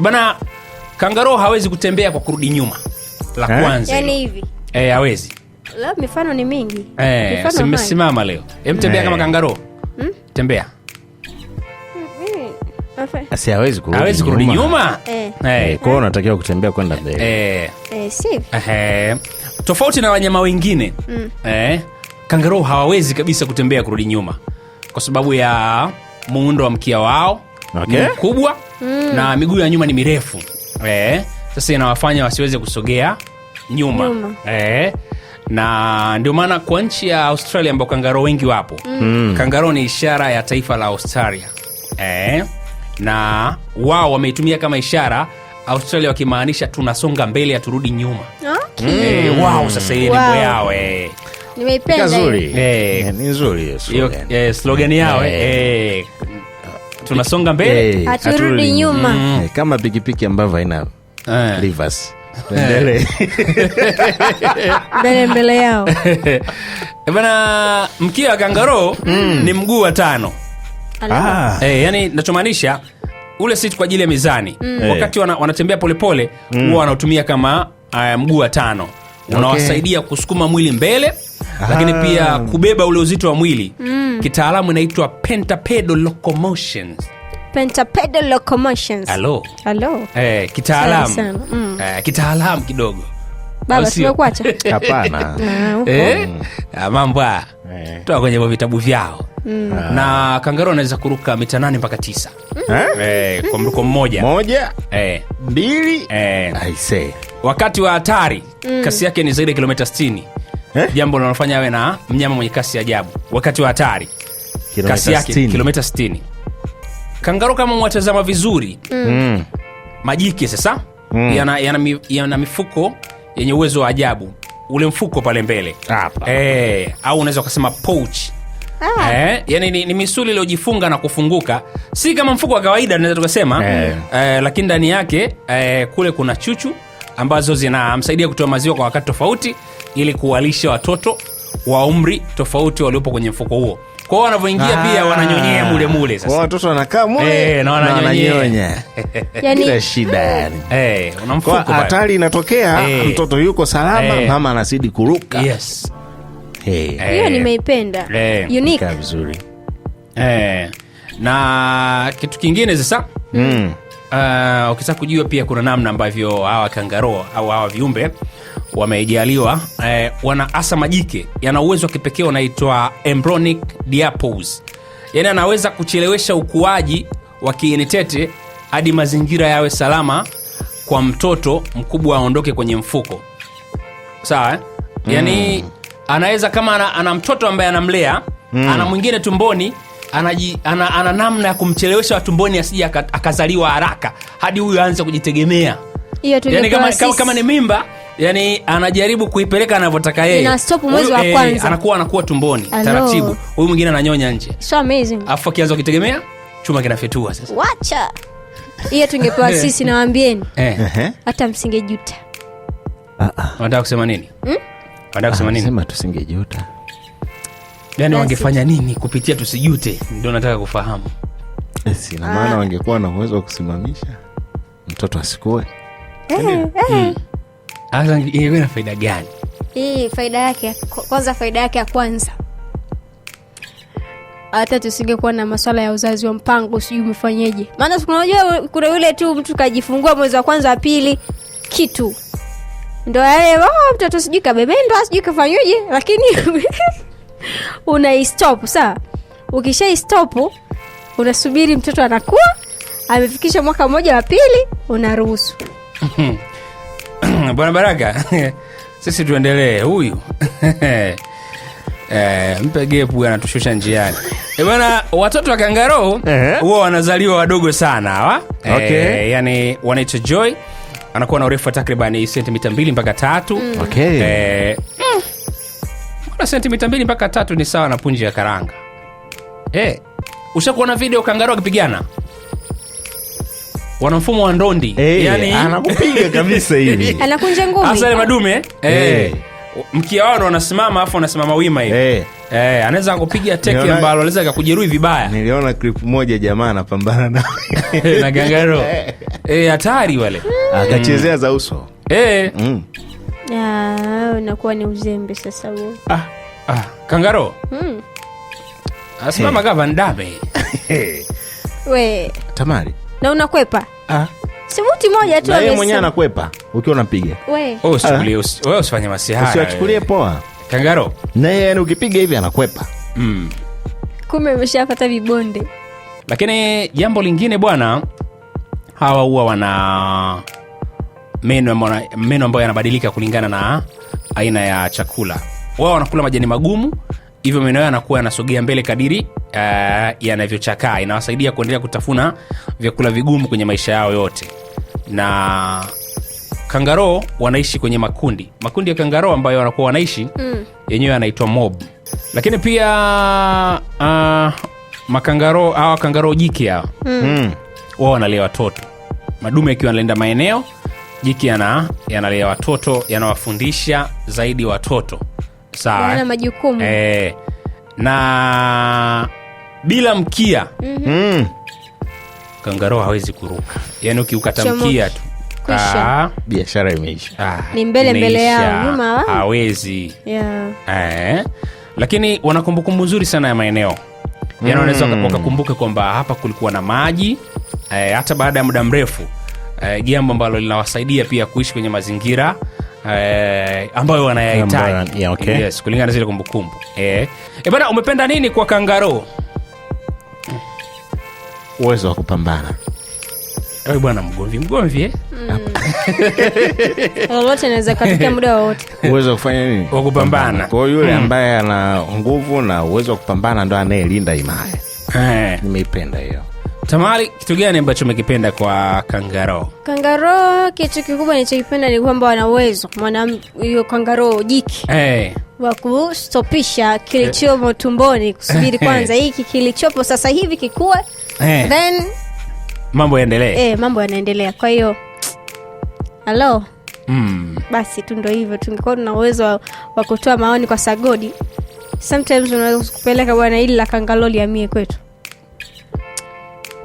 Eh, bana, kangaroo hawezi kutembea kwa kurudi nyuma, la eh? kwanza yani hivi eh, hawezi. mifano ni mingi eh, mmesimama leo hem, tembea eh. kama kangaroo hmm? tembea hmm, Si hawezi kurudi, hawezi kurudi nyuma eh. Eh. Kwao unatakiwa kutembea kwenda mbele eh. Eh, Eh. Tofauti na wanyama wengine mm. Eh. Kangaroo hawawezi kabisa kutembea kurudi nyuma kwa sababu ya muundo wa mkia wao okay. kubwa mm. na miguu ya nyuma ni mirefu e, sasa inawafanya wasiweze kusogea nyuma, nyuma. E, na ndio maana kwa nchi ya Australia ambao kangaro wengi wapo mm. kangaro ni ishara ya taifa la Australia e, na wao wameitumia kama ishara Australia wakimaanisha tunasonga mbele haturudi nyuma okay. e, wao sasa hiyo wow. nimbo yao e. Nimeipenda. Ni nzuri hiyo slogan yao tunasonga mbele hey, nyuma mm. hey, eh, kama pikipiki ambavyo haina hey. Eh. rivers eh. mbele mbele yao bana mkia gangaro mm. ni mguu wa tano ah. hey, yani nachomaanisha ule sit kwa ajili ya mizani mm. wakati wana, wanatembea polepole mm. huwa mm. kama uh, mguu wa tano unawasaidia okay. kusukuma mwili mbele lakini ah. pia kubeba ule uzito wa mwili mm kitaalamu inaitwa pentapedal locomotion pentapedal locomotions halo halo eh, kitaalamu mm. eh, kitaalamu kidogo eh, ah, eh, ah, mambo haya eh. toa kwenye vitabu vyao Mm. Ah. na kangaro anaweza kuruka mita nane mpaka tisa mm. eh, kwa mm. mruko mmoja moja eh. mbili eh. wakati wa hatari mm. kasi yake ni zaidi ya kilometa 60 eh? jambo linalofanya awe na mnyama mwenye kasi ya ajabu wakati wa hatari. Kasi yake kilomita 60. Kangaro kama mwatazama vizuri mm. majike sasa mm. yana, yana, yana mifuko yenye uwezo wa ajabu, ule mfuko pale mbele e, au unaweza ukasema pouch ah. Eh, yani ni, ni misuli iliyojifunga na kufunguka, si kama mfuko wa kawaida tunaweza tukasema eh. Eh, lakini ndani yake eh, kule kuna chuchu ambazo zinamsaidia kutoa maziwa kwa wakati tofauti ili kuwalisha watoto wa umri tofauti waliopo kwenye mfuko huo kwao wanavyoingia pia ah. wananyonyea mule mule sasa watoto wanakaa mule eh, na wananyonya yaani- bila shida yani eh una mfuko hatari inatokea hey. Eh. mtoto yuko salama hey. Eh. mama anazidi kuruka yes hiyo hey. hey. nimeipenda hey. unique vizuri hey. na kitu kingine sasa mm uh, ukitaka kujua pia kuna namna ambavyo hawa kangaroo au hawa viumbe wamejaliwa eh, wana asa majike yana uwezo wa kipekee unaitwa embronic diapause yani anaweza kuchelewesha ukuaji wa kiinitete hadi mazingira yawe salama kwa mtoto mkubwa aondoke kwenye mfuko sawa eh? yani mm. anaweza kama ana, ana mtoto ambaye anamlea mm. ana mwingine tumboni anaji, ana, ana namna ya kumchelewesha watumboni asije akazaliwa haraka hadi huyu aanze kujitegemea yani kama, kama, kama ni mimba yani anajaribu kuipeleka anavyotaka yeye eh, anakuwa anakuwa tumboni Hello. taratibu huyu mwingine ananyonya nje afu akianza kujitegemea chuma kinafyetua sasa wacha hiyo tungepewa eh. sisi nawaambieni eh. hata msingejuta wanataka ah, ah. kusema nini hmm? wanataka kusema ah, nini sema tusingejuta yani wangefanya nini kupitia tusijute? Ndio nataka kufahamu. Eh, Sina maana ah. wangekuwa na uwezo wa kusimamisha mtoto asikue, eh, eh. hmm. na faida gani? Hii faida yake kwanza, faida yake ya kwanza hata tusingekuwa na maswala ya uzazi wa mpango, sijui umefanyeje. Maana unajua kuna yule tu mtu kajifungua mwezi wa kwanza wa pili kitu ndo yale, oh, mtoto sijui kabebendwa sijui kafanyeje, lakini unaistop sawa. Ukishaistop unasubiri mtoto anakuwa amefikisha mwaka mmoja wa pili, unaruhusu. Bwana Baraka, sisi tuendelee huyu Eh, mpe gepu anatushusha njiani. E bwana, watoto wa kangaro huwa wanazaliwa wadogo sana hawa. Okay. E, yani wanaitwa Joy, anakuwa na urefu wa takribani sentimita mbili mpaka tatu. Okay. E, mm na sentimita mbili mpaka tatu ni sawa na punji ya karanga. Hey, eh, ushakuona video kangaro akipigana? Wana mfumo wa ndondi. Hey, eh, yani... anakupiga kabisa hivi anakunja ngumi hasa ile madume hey. Eh. Hey. Mkia wao ndo wanasimama afu wanasimama wima hivi hey. Hey, anaweza kupiga teki ambalo anaweza akakujeruhi vibaya. Niliona clip moja jamaa anapambana na na gangaro kangaroo hey, hatari wale akachezea za uso hey. mm unakuwa ni uzembe sasa huo. Ah, ah, kangaro hmm. asimama hey. Gava ndabe we tamari na unakwepa ah. Sibuti moja tu yeye mwenyewe anakwepa ukiwa unampiga wewe. Wewe oh, ah. usifanye masihara, usiwachukulie poa kangaro, na yeye yani ukipiga hivi anakwepa mm. Kumbe ameshapata vibonde. Lakini jambo lingine bwana, hawa huwa wana meno ambayo yanabadilika kulingana na aina ya chakula wao wanakula majani magumu hivyo meno yao yanakuwa yanasogea mbele kadiri uh, yanavyochakaa inawasaidia kuendelea kutafuna vyakula vigumu kwenye maisha yao yote na kangaroo wanaishi kwenye makundi makundi ya kangaroo ambayo wanakuwa wanaishi mm. yenyewe yanaitwa mob lakini pia uh, makangaro awa kangaro jike hawa mm. mm. wao wanalia watoto madume akiwa analinda maeneo jiki analea watoto, yanawafundisha zaidi watoto, sawana na majukumu e, na bila mkia mhm. mm -hmm. kangaroo hawezi kuruka, yaani ukiukata mkia tu ah. biashara imeisha, ah, ni mbele mbele yeah. Eh. lakini wana kumbukumbu nzuri sana ya maeneo yani, wanaweza mm. wakakumbuke kwamba hapa kulikuwa na maji eh, hata baada ya muda mrefu Eh, jambo uh, ambalo linawasaidia pia kuishi kwenye mazingira eh, ambayo wanayahitaji yeah, okay. yes, kulingana na zile kumbukumbu eh. E eh, bana, umependa nini kwa kangaro? Uwezo wa kupambana bwana. Mgomvi mgomvi eh? mm. lolote inaweza katokea muda wowote. Uwezo wa kufanya nini? Wa kupambana. kwao yule mm. ambaye ana nguvu na uwezo wa kupambana ndo anayelinda imaya Nimeipenda hiyo. Tamari, kitu gani ambacho umekipenda kwa Kangaroo? Kangaroo kitu kikubwa nilichokipenda ni kwamba wana uwezo hiyo Kangaroo jiki hey eh. wa kustopisha kilichomo eh. tumboni, kusubiri kwanza hiki kilichopo sasa hivi kikuwe, hey, eh. then mambo yaendelee, eh, mambo yanaendelea. Kwa hiyo halo, mm, basi tu ndo hivyo. Tungekuwa tuna uwezo wa kutoa maoni kwa sagodi, sometimes unaweza kupeleka bwana, ili la kangaloli amie kwetu.